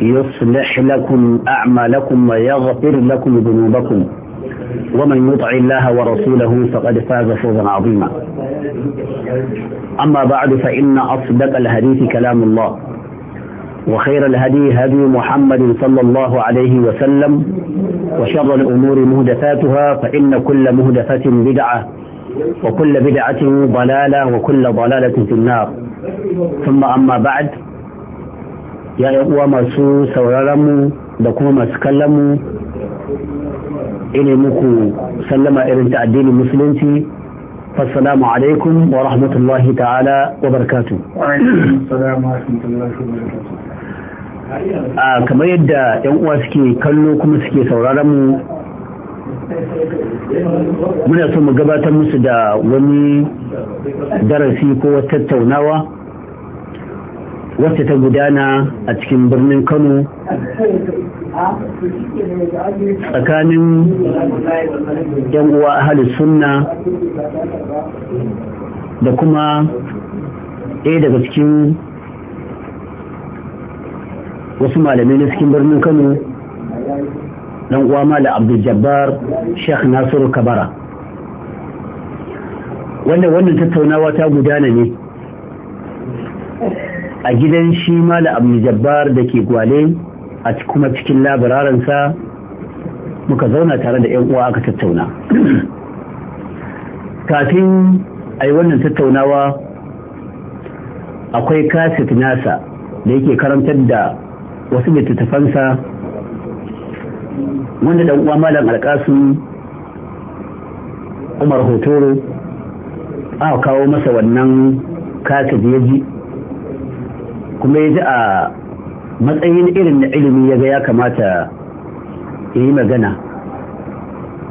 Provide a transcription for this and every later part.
يصلح لكم أعمالكم ويغفر لكم ذنوبكم ومن يطع الله ورسوله فقد فاز فوزا عظيما أما بعد فإن أصدق الحديث كلام الله وخير الهدي هدي محمد صلى الله عليه وسلم وشر الأمور مهدفاتها فإن كل مهدفة بدعة وكل بدعة ضلالة وكل ضلالة في النار ثم أما بعد ya uwa masu sauraron mu da kuma masu kallon mu ina muku sallama irin ta addinin musulunci assalamu alaikum wa rahmatullahi ta'ala wa barkatu a ah, kamar yadda yan uwa suke kallo kuma suke sauraron mu muna so mu gabatar musu da wani darasi ko tattaunawa wacce ta gudana a cikin birnin kano tsakanin yan uwa sunna da kuma ɗaya daga cikin wasu malamai na cikin birnin kano ɗan uwa mala abdul jabbar sheikh nasiru kabara wannan wannan tattaunawa ta gudana ne a gidan shi mala abu jabbar da ke gwale a kuma cikin labararansa muka zauna tare da 'yan uwa aka tattauna kafin a yi wannan tattaunawa akwai kaset nasa da yake karantar da wasu littattafansa wanda dan uwa malam alkasun umar hotoro aka kawo masa wannan kaset ya ji kuma ya ji a matsayin irin na ilimi ya ga ya kamata ya yi magana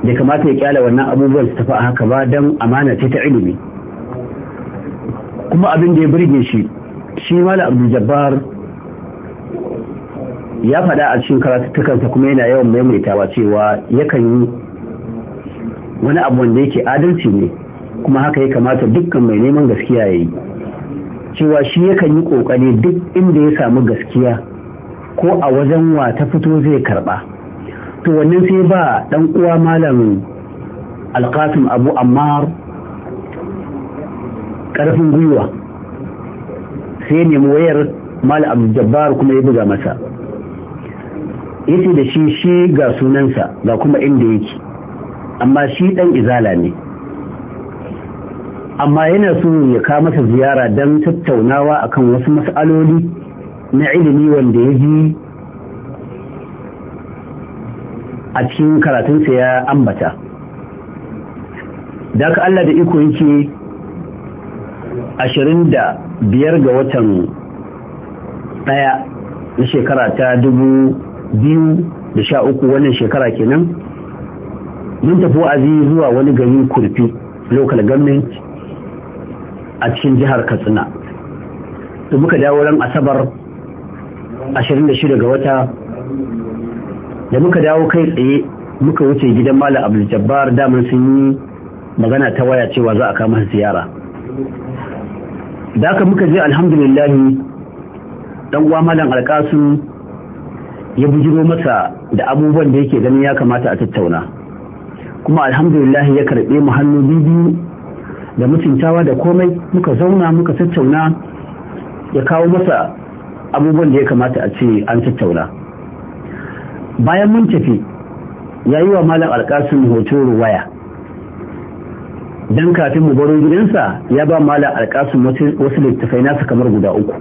da kamata ya kyala wannan abubuwan su tafi a haka ba don amana ce ta ilimi kuma abin da ya birge shi shi mala abdul jabbar ya faɗa a cikin karatuttukansa kuma yana yawan maimaitawa cewa yakan yi wani abu wanda yake adalci ne kuma haka ya kamata dukkan mai neman gaskiya ya yi cewa shi yakan yi ƙoƙari duk inda ya samu gaskiya ko a wajen wa ta fito zai karɓa to wannan sai ba ɗan uwa malam alƙasim abu ammar karfin gwiwa sai nemi wayar malam jabbar kuma ya buga masa yace da shi shi ga sunansa ga kuma inda yake amma shi ɗan izala ne amma yana so ya kawo masa ziyara don tattaunawa akan wasu mas'aloli na ilimi wanda ya ji a cikin karatunsa ya ambata da ka Allah da iko yake ashirin da biyar ga watan ɗaya na shekara ta 2013 wannan shekara kenan mun tafi wa'azi zuwa wani gari kurfi local government a cikin jihar katsina da muka dawo ran asabar 26 ga wata da muka dawo kai tsaye muka wuce gidan malam abdul jabbar damar sun yi magana ta waya cewa za a kama ziyara da aka muka je alhamdulillah dan uwa malam alkasu ya bujiro masa da abubuwan da yake ganin ya kamata a tattauna kuma alhamdulillah ya karɓe mu hannu biyu da mutuntawa da komai muka zauna muka tattauna ya kawo masa abubuwan da ya kamata a ce an tattauna bayan mun tafi ya yi wa malam alkasun hoton waya don kafin mu baro gidansa ya ba malam alkasin wasu littafai nasa kamar guda uku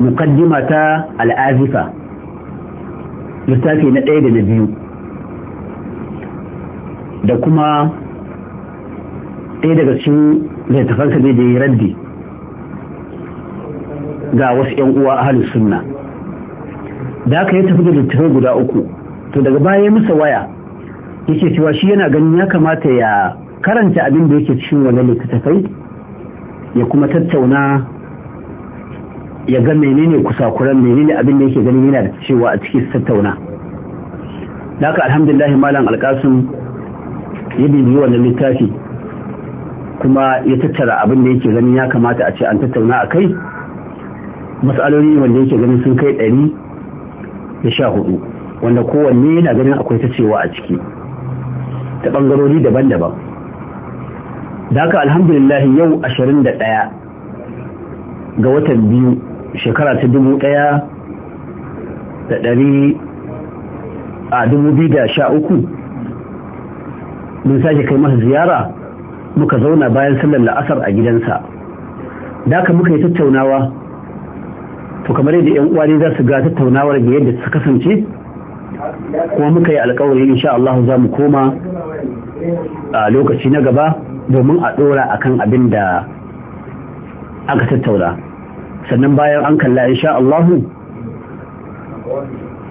mukaddima ta al'azifa littafi na ɗaya da na biyu da kuma ɗaya daga cikin littafansa ne da ya raddi ga wasu 'yan uwa ahalin sunna da aka yi tafi da littafai guda uku to daga baya musa waya yake cewa shi yana ganin ya kamata ya karanta abin da yake cikin wannan littattafai ya kuma tattauna ya ga menene kusakuran menene abin da yake ganin yana da cewa a cikin tattauna da aka alhamdulillah malam alkasun ya bibiyi wannan littafi kuma ya tattara abin da yake ganin ya kamata a ce an tattauna a kai matsaloli wanda yake ganin sun kai ɗari da sha hudu wanda kowanne yana ganin akwai ta cewa a ciki ta ɓangarori daban-daban da haka alhamdulillah yau ashirin da ɗaya ga watan biyu shekara ta dubu ɗaya da ɗari a dubu biyu da sha uku mun sake kai masa ziyara muka zauna bayan sallar la'asar a gidansa da aka muka yi tattaunawa to kamar yadda yan uwa ne za su ga tattaunawar ga yadda su kasance kuma muka yi alkawari insha Allah za mu koma a lokaci na gaba domin a dora akan abin da aka tattauna sannan bayan an kalla insha Allah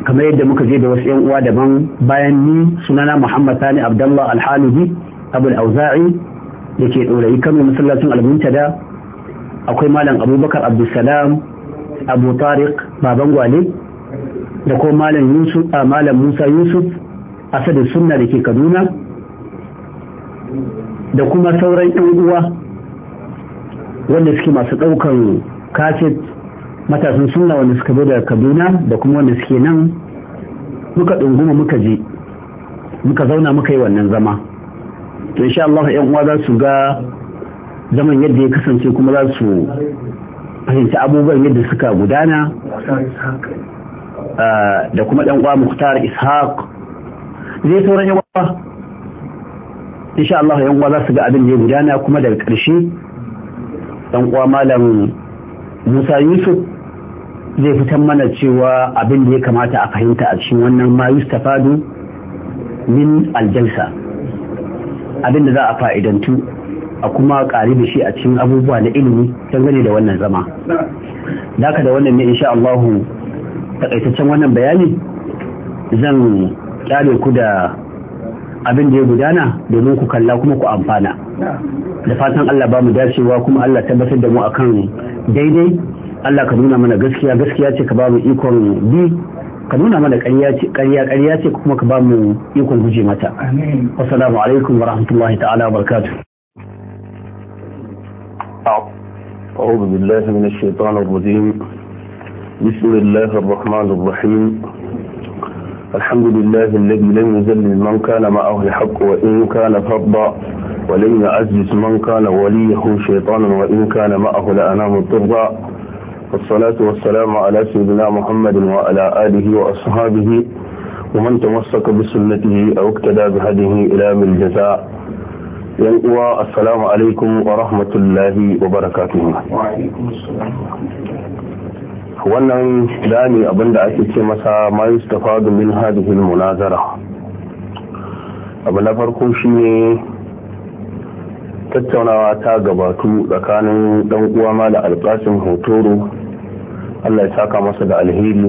kamar yadda muka je da wasu yan uwa daban bayan ni sunana Muhammad Sani Abdullah Alhalidi Abul Auza'i da ke ɗorayi kamar masallacin almuntada akwai malam abubakar abdulsalam abu tariq baban gwale da kuma malam yusuf a malam musa yusuf asadin sunna da ke kaduna da kuma sauran yan uwa wanda suke masu ɗaukan kaset matasan sunna wanda suka zo daga kaduna da kuma wanda suke nan muka ɗunguma muka je muka zauna muka yi wannan zama to insha Allah ƴan uwa za su ga zaman yadda ya kasance kuma za su fahimci abubuwan yadda suka gudana ah, da kuma ɗan uwa Muktar Ishaq zai sauran ƴan uwa insha Allah ƴan uwa za su ga abin da ya gudana kuma daga ƙarshe ɗan uwa malam Musa Yusuf zai fita mana cewa abin da ya kamata a fahimta a cikin wannan ma yustafadu min aljalsa abin da za a fa'idantu a kuma ƙari da shi a cikin abubuwa na ilimi dangane da wannan zama daka da wannan ne insha Allahu takaitaccen wannan bayani zan kyale ku da abin da ya gudana domin ku kalla kuma ku amfana da fatan Allah ba mu dacewa kuma Allah tabbatar da mu akan daidai Allah ka nuna mana gaskiya gaskiya ce ka ba mu ikon bi ka nuna mana ƙarya ce kuma ka ba mu ikon guje mata wasalamu alaikum wa rahmatullahi ta'ala wa أعوذ بالله من الشيطان الرجيم بسم الله الرحمن الرحيم الحمد لله الذي لم يذلل من كان معه الحق وإن كان فضا ولم يعزز من كان وليه شيطانا وإن كان معه لأنام الضرا والصلاة والسلام على سيدنا محمد وعلى آله وأصحابه ومن تمسك بسنته أو اقتدى بهديه إلى من الجزاء ينقوى السلام عليكم ورحمة الله وبركاته وعليكم السلام ورحمة الله wannan gane abin da ake ce masa ma yustafadu min hadhihi munazara abu na farko shine tattaunawa ta gabatu tsakanin dan uwa alƙasin hotoro Allah ya saka masa da alheri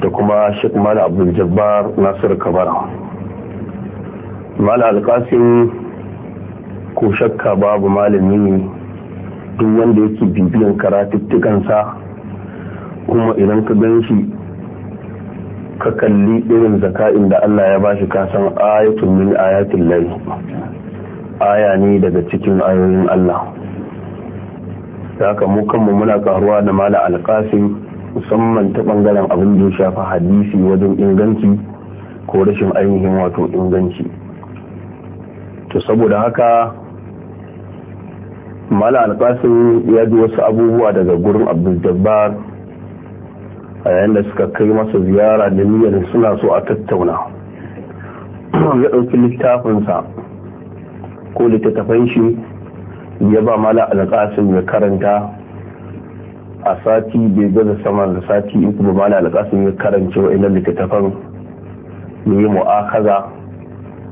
da kuma Sheikh Mala Abdul Jabbar Nasir Kabara Mala Alkasim ko shakka babu malami ne duk wanda yake bibiyan karatuttukansa kuma idan ka gan shi ka kalli irin zaka'in da Allah ya bashi kasan ayatul min ayatin lahi aya ne daga cikin ayoyin Allah da haka mu muna karuwa da mala musamman ta bangaren abin da ya shafi hadisi wajen inganci ko rashin ainihin wato inganci to saboda haka mala ya ji wasu abubuwa daga gurin abdul jabbar a yayin da suka kai masa ziyara da niyyar suna so a tattauna ya ɗauki littafinsa ko littattafan shi ya ba mala alƙasim ya karanta a sati bai gaza sama da sati in ba mala alƙasim ya karanta wa ina littattafan ya yi mu'akaza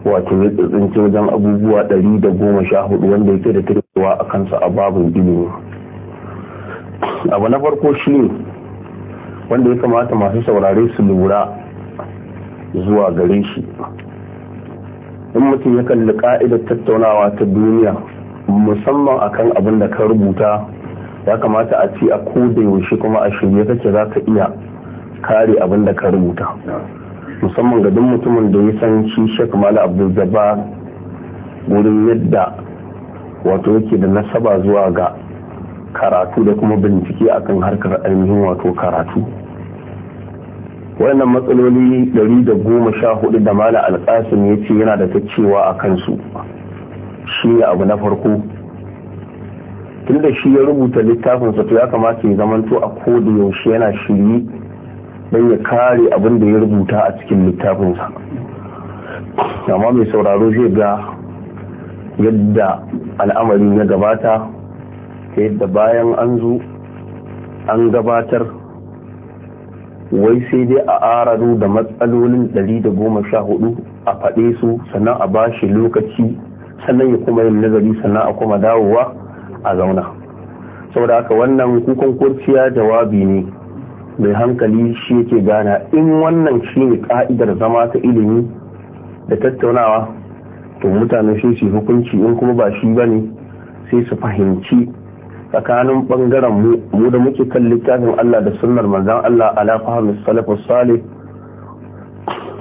wato ya tsintsince wajen abubuwa ɗari da goma sha hudu wanda yake da kirkiwa a kansa a babin ilimi abu na farko shi ne wanda ya kamata masu saurare su lura zuwa gare shi in mutum ya kalli ka'idar tattaunawa ta duniya musamman akan abin da ka rubuta ya kamata a ci a koda yaushe kuma a shirye kake za ka iya kare abin da ka rubuta musamman ga duk mutumin da ya san shi shek mala abdul wurin yadda wato yake da nasaba zuwa ga karatu da kuma bincike akan harkar ainihin wato karatu wannan matsaloli 114 da mala alkasim ya ce yana da ta cewa a kansu shi abu na farko tunda shi ya rubuta littafinsa to ya kamata ya zamanto a koda yaushe yana shiri don ya kare abin da ya rubuta a cikin littafinsa amma mai sauraro zai ga yadda al'amarin ya gabata ta yadda bayan an zo an gabatar wai sai dai a ararru da matsalolin 114 a faɗe su sannan a bashi lokaci sannan ya kuma yin nazari sannan a kuma dawowa a zauna saboda haka wannan kukan kurciya jawabi ne mai hankali shi yake gana in wannan shi ne ka'idar zama ta ilimi da tattaunawa to mutane shi su hukunci in kuma ba shi ba ne sai su fahimci tsakanin bangaren mu da muke kan littafin Allah da sunnar manzan Allah ala fahimtar salafus salih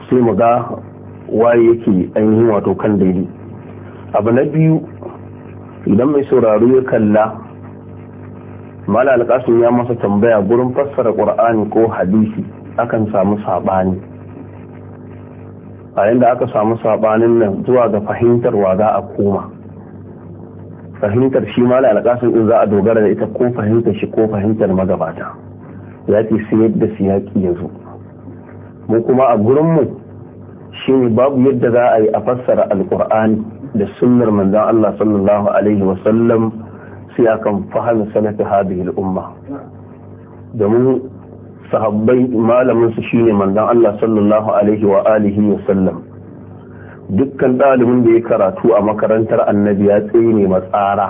sai mu ga waye yake ainihin wato kan daidai abu na biyu idan mai sauraro ya kalla mala alƙasun ya masa tambaya gurin fassara ƙur'ani ko hadisi akan samu saɓani a yadda aka samu saɓanin nan zuwa ga fahimtarwa za a koma fahimtar shi mala alƙasun in za a dogara da ita ko fahimtar shi ko fahimtar magabata ya ke sai yadda siyaƙi ya zo mu kuma a gurinmu shi ne babu yadda za a yi a fassara alƙur'ani da sunnar manzon Allah sallallahu alaihi wasallam sai akan fahimta sanata hadhihi umma domin sahabbai malamin su shine manzon Allah sallallahu alaihi wa alihi wasallam dukkan ɗalibin da ya karatu a makarantar annabi ya ne matsara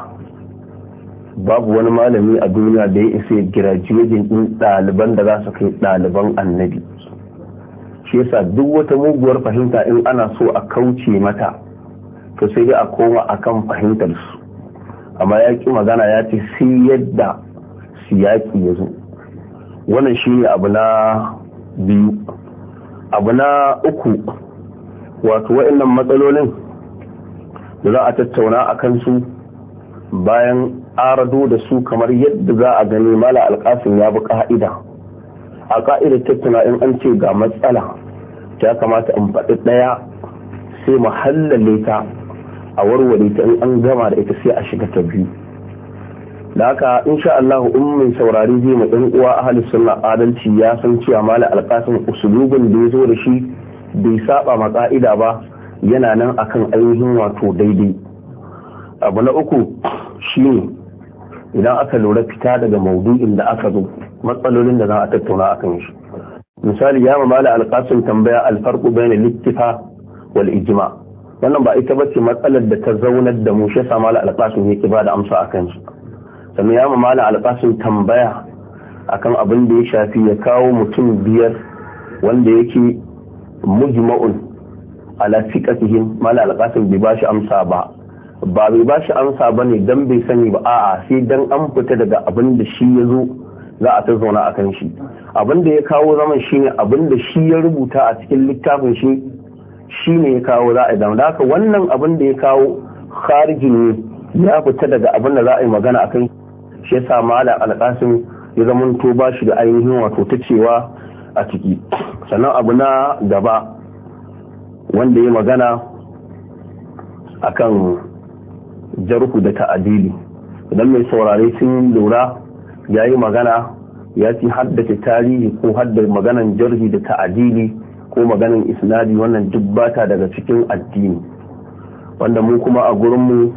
babu wani malami a duniya da ya isa ya girajiyojin ɗin ɗaliban da za su kai ɗaliban annabi shi duk wata muguwar fahimta in ana so a kauce mata to sai dai a koma akan fahimtar su amma ya ki magana ya ce sai yadda yaƙi ya zo wannan shi ne abu na biyu abu na uku wato wa'annan matsalolin da za a tattauna a kansu bayan arado da su kamar yadda za a gani mala alƙafin ya bi ka'ida a ka'idar tattauna in an ce ga matsala ta kamata in faɗi ɗaya sai mu hallale ta a warware ta in an gama da ita sai a shiga ta biyu da haka insha Allah in mai saurari zai ma ɗan uwa ahli sunna adalci ya san cewa mala alƙasin usulubin da ya zo da shi bai saba ma ka'ida ba yana nan akan ainihin wato daidai abu na uku shine idan aka lura fita daga maudu'in da aka zo matsalolin da za a tattauna akan shi misali ya ma mala alƙasin tambaya alfarqu bainal ittifaq wal ijma' wannan ba ita ba bace matsalar da ta zaunar da mu shi sama alƙasun yake ba da amsa akan su sannan ya mamala alƙasun tambaya akan abin da ya shafi ya kawo mutum biyar wanda yake mujma'un ala fiqatihim mala qasim bai bashi amsa ba ba bai bashi amsa ba ne dan bai sani ba a'a sai dan an fita daga abin da shi ya zo za a ta zauna akan shi abin da ya kawo zaman shine abin da shi ya rubuta a cikin littafin shi shi ne ya kawo za a damu da haka wannan abin da ya kawo khariji ne ya fita daga abin da za a yi magana a kai shi yasa mala alƙasim ya zama to ba shi da ainihin wato ta cewa a ciki sannan abu na gaba wanda ya magana a akan jarhu da ta'adili idan mai saurare sun lura ya yi magana ya ci haddace tarihi ko haddace maganan jarhi da ta'adili ko maganin isnadi wannan duk bata daga cikin addini wanda mu kuma a gurinmu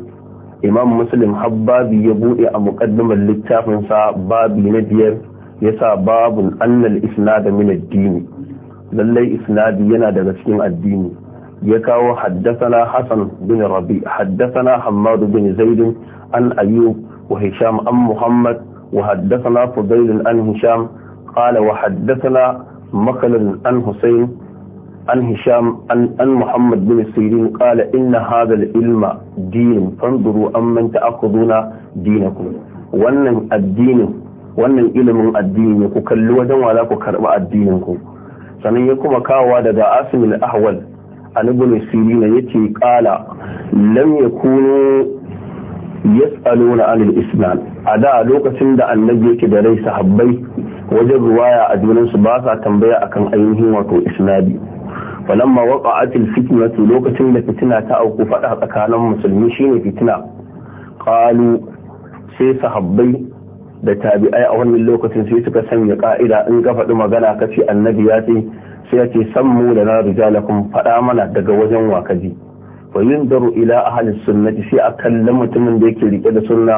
imam muslim habbabi ya buɗe a muƙaddimar littafinsa babi na biyar ya sa babun annal isnada min addini lallai isnadi yana daga cikin addini ya kawo haddasana hasan bin rabi haddasana hammadu bin zaidin an ayyub wa hisham an muhammad wa haddasana fudailun an hisham wa haddasana مخلد an husain عن هشام عن محمد بن سيرين قال إن هذا العلم دين فانظروا أمن تأخذون دينكم وأن الدين وأن ku الدين wajen دم ku كرب الدينكم sannan ya kuma kawo daga asimil ahwal a nubu mai siri na yake kala lam ya ya tsalo na anil islam a da lokacin da annabi yake da rai sahabbai wajen ruwaya a junansu ba sa tambaya akan ainihin wato isnadi falamma waqa'atil fitnatu lokacin da fitina ta auku fada tsakanin musulmi shine fitina qalu sai sahabbai da tabi'ai a wannan lokacin sai suka sanya ka'ida in ka faɗi magana kace annabi ya ce sai ya ce sammu da na rijalakum faɗa mana daga wajen wakazi. fa daru ila ahli sunnati sai a kalli mutumin da yake rike da sunna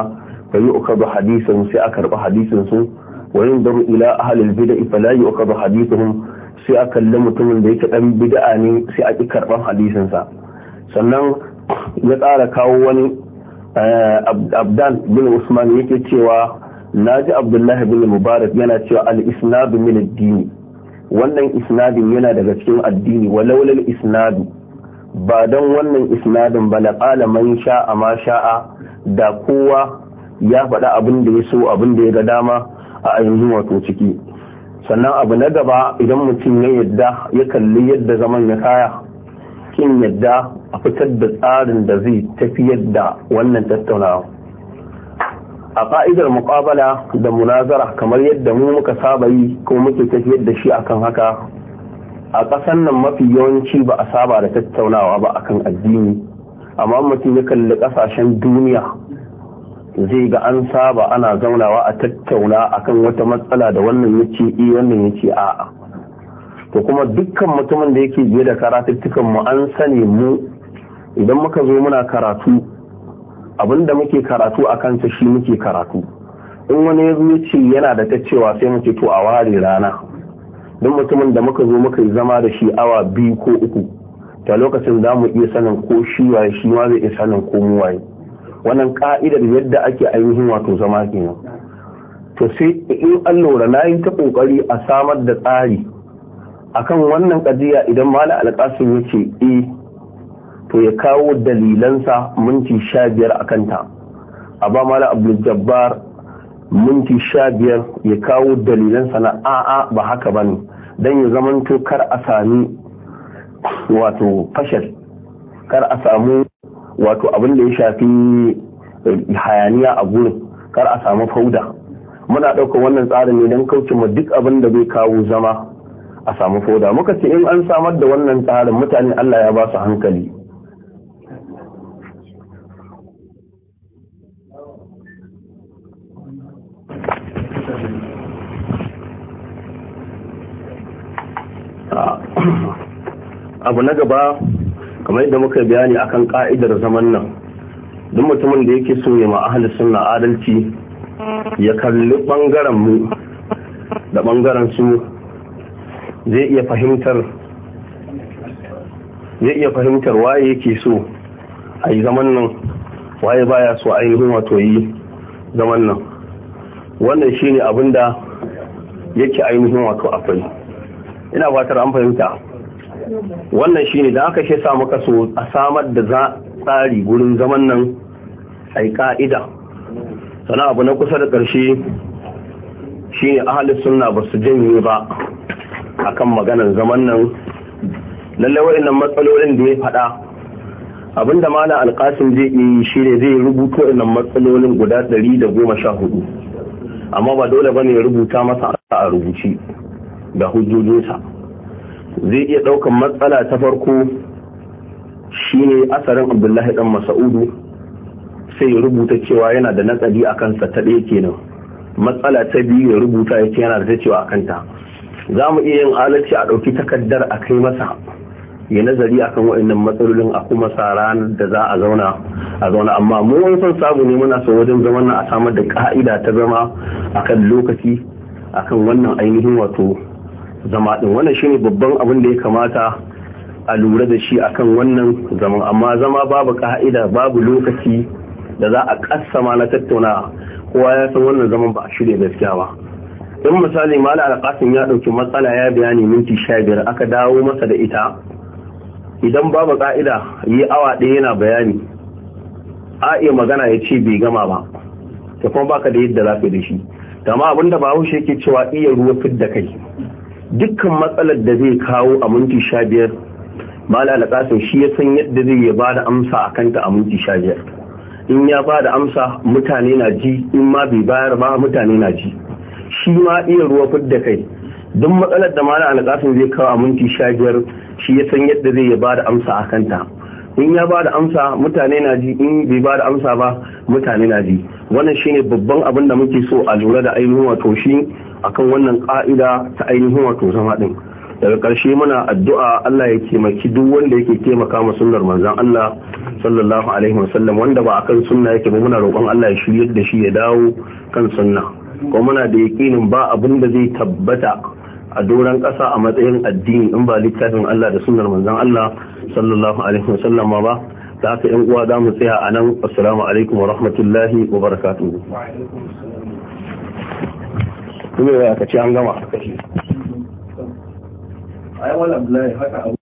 fa yu'khadhu hadisan sai a karɓi hadisin su wa ila ahli bida fa la yu'khadhu sai a kalli mutumin da yake dan bid'a ne sai a karban hadisin hadisinsa sannan ya tsara kawo wani eh, abdan bin usman yake cewa na ji abdullahi bin mubarak yana cewa al-isnadu min addini wannan isnadin yana daga cikin addini walaulal isnadu ba dan wannan isnadin ba la qala man sha'a ma sha'a da kowa ya faɗa abin da ya so abin da ya ga dama a yanzu wato ciki sannan abu na gaba idan mutum ya yadda ya kalli yadda zaman ya kaya kin yadda a fitar da tsarin da zai tafi yadda wannan tattaunawa a ka'idar muƙabala da munazara kamar yadda mu muka saba yi ko muke tafiyar da shi akan haka a ƙasan nan mafi yawanci ba a saba da tattaunawa ba akan addini amma mutum ya kalli ƙasashen duniya zai ga an saba ana zaunawa a tattauna akan wata matsala da wannan ya ce i wannan ya ce a'a to kuma dukkan mutumin da yake biye da karatuttukan mu an sani mu idan muka zo muna karatu abin da muke karatu a kansa shi muke karatu in wani ya zo ce yana da ta cewa sai muke to a ware rana don mutumin da muka zo muka yi zama da shi awa biyu ko uku ta lokacin za mu iya sanin ko shi waye shi ma zai iya sanin ko mu waye wannan ka'idar yadda ake ainihin wato zama kenan to sai in an lura na yi ta kokari a samar da tsari akan wannan kadiya idan mala alƙasim ya ce e to ya kawo dalilansa minti sha biyar a kanta a ba mala abdul minti sha biyar ya kawo dalilansa na a'a ba haka ba ne don ya zamanto kar a sami wato fashal kar a samu wato abin da ya shafi eh, hayaniya a gurin kar a samu fauda muna ɗaukar wannan tsarin ne don kauce ma duk abin da zai kawo zama a samu fauda muka ce in an samar da wannan tsarin mutane Allah ya ba su hankali ah, abu na gaba kamar yadda muka bayani akan ka'idar zaman nan duk mutumin da yake so ya ma ahli sunna adalci ya kalli bangaren mu da bangaren su zai iya fahimtar zai iya fahimtar waye yake so a yi zaman nan waye baya so ainihin wato yi zaman nan wannan shine abinda da yake ainihin wato akwai ina fatar an fahimta wannan shi ne da aka shi sa kaso a samar da za tsari gurin zaman nan ai ka'ida sana abu na kusa da ƙarshe shi ne ahli sunna ba su janye ba akan maganar zaman nan lallai wa'annan matsalolin da ya faɗa abinda malam alƙasin zai yi ne zai rubuto wa'annan matsalolin guda ɗari da goma sha hudu amma ba dole ba ya rubuta masa a rubuci da hujjojinsa zai iya ɗaukan matsala ta farko shine asarin abdullahi dan masa'udu sai ya rubuta cewa yana da nasari a kansa ta ɗaya kenan matsala ta biyu ya rubuta ya ce yana da ta cewa a kanta za mu iya yin alaci a ɗauki takardar a kai masa ya nazari akan waɗannan matsalolin a kuma sa ranar da za a zauna a zauna amma mu wani son samu ne muna so wajen zama nan a samar da ka'ida ta zama akan lokaci akan wannan ainihin wato zama din wannan shine babban abin da ya kamata a lura da shi akan wannan zaman amma zama babu ka'ida babu lokaci da za a kassama na tattauna kowa ya san wannan zaman ba a shirya gaskiya ba in misali mala alƙasin ya ɗauki matsala ya bayani minti sha biyar aka dawo masa da ita idan babu ka'ida yi awa ɗaya yana bayani a iya magana ya ce bai gama ba ta kuma baka da yadda za ka da shi dama abinda ba haushe yake cewa iya ruwa fidda kai dukkan matsalar da zai kawo a minti sha biyar da alƙasin shi ya san yadda zai ya bada amsa a kanta a minti sha biyar in ya bada amsa mutane na ji in ma bai bayar ba mutane na ji shi ma iya ruwa fidda kai duk matsalar da mala alƙasin zai kawo a minti sha biyar shi ya san yadda zai ya bada amsa a kanta in ya ba da amsa mutane na ji in bai ba da amsa ba mutane na ji wannan shine babban abin da muke so a lura da ainihin wato shi akan wannan ka'ida ta ainihin wato zama din daga ƙarshe muna addu'a Allah ya taimaki duk wanda yake taimaka ma sunnar manzon Allah sallallahu alaihi wasallam wanda ba akan sunna yake ba muna roƙon Allah ya shirye da shi ya dawo kan sunna kuma muna da yaƙinin ba abin da zai tabbata a doron ƙasa a matsayin addini in ba littafin Allah da sunnar manzon Allah sallallahu alaihi wasallam ba da haka yan uwa za mu tsaya a nan assalamu alaikum wa rahmatullahi wa barakatuhu kuma ya ka an gama haka